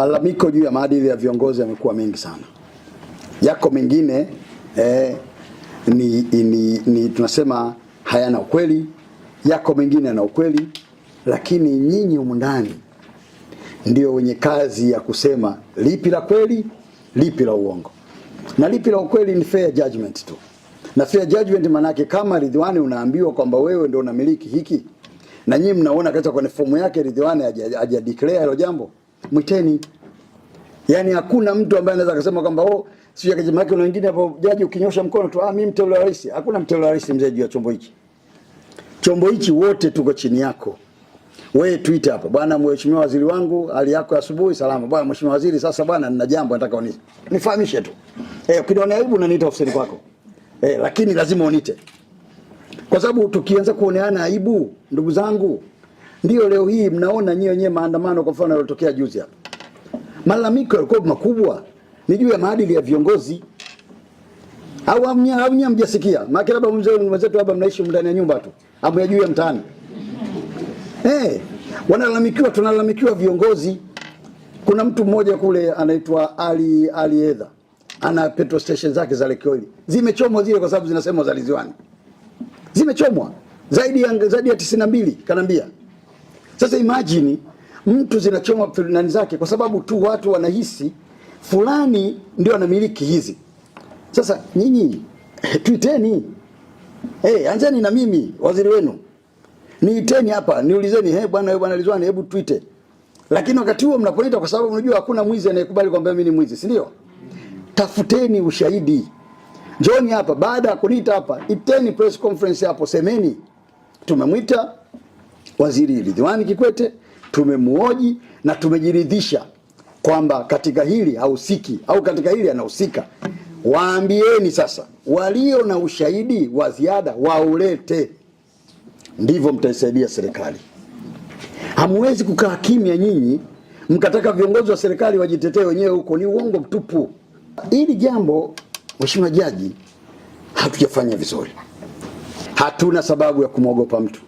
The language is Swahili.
Malalamiko juu ya maadili ya viongozi yamekuwa mengi sana, yako mengine eh, ni, ni, ni tunasema hayana ukweli, yako mengine yana ukweli, lakini nyinyi humu ndani ndio wenye kazi ya kusema lipi la kweli, lipi la uongo na lipi la ukweli. Ni fair judgment tu, na fair judgment maana yake kama Ridhiwani unaambiwa kwamba wewe ndio unamiliki hiki na nyinyi mnaona katika kwenye fomu yake Ridhiwani haja declare hilo jambo mwiteni. Yani hakuna mtu ambaye anaweza kusema kwamba oh, sio jaji yake. na wengine hapo, jaji ukinyosha mkono tu, ah, mimi mteule wa rais. Hakuna mteule wa rais mzee juu ya chombo hichi. Chombo hichi wote tuko chini yako. Wewe Twitter hapa. Bwana mheshimiwa waziri wangu, hali yako ya asubuhi salama. Bwana mheshimiwa waziri, sasa bwana nina jambo nataka uni Nifahamishe tu. Eh, ukiniona aibu unaniita ofisini kwako. Eh, lakini lazima unite Kwa sababu tukianza kuoneana aibu, ndugu zangu, ndio leo hii mnaona nyinyi wenyewe maandamano kwa mfano yalotokea juzi hapa. Malalamiko yalikuwa makubwa ni juu ya maadili ya viongozi. Au hamnya hamnya mjasikia. Maana labda mzee wenzetu hapa mnaishi ndani ya nyumba tu. Hapo juu ya mtaani. Eh, hey, wanalalamikiwa tunalalamikiwa viongozi. Kuna mtu mmoja kule anaitwa Ali Ali Edha. Ana petrol station zake za Lake Oil. Zimechomwa zile kwa sababu zinasemwa za Liziwani. Zimechomwa zaidi ya zaidi ya 92 kanambia sasa imagine mtu zinachoma fulani zake kwa sababu tu watu wanahisi fulani ndio anamiliki hizi. Sasa nyinyi tuiteni, hey, eh, anzeni na mimi waziri wenu niiteni hapa niulizeni, hey, bwana wewe bwana Ridhiwani, hebu tuite. Lakini wakati huo mnaponita, kwa sababu unajua hakuna mwizi anayekubali kwamba mimi ni mwizi, si ndio? Tafuteni ushahidi, njoni hapa. Baada ya kunita hapa, iteni press conference hapo, semeni tumemwita Waziri Ridhiwani Kikwete, tumemuoji na tumejiridhisha kwamba katika hili hahusiki au katika hili anahusika. Waambieni sasa, walio na ushahidi wa ziada waulete, ndivyo mtaisaidia serikali. Hamwezi kukaa kimya nyinyi mkataka viongozi wa serikali wajitetee wenyewe huko, ni uongo mtupu. Hili jambo Mheshimiwa Jaji, hatujafanya vizuri. Hatuna sababu ya kumwogopa mtu.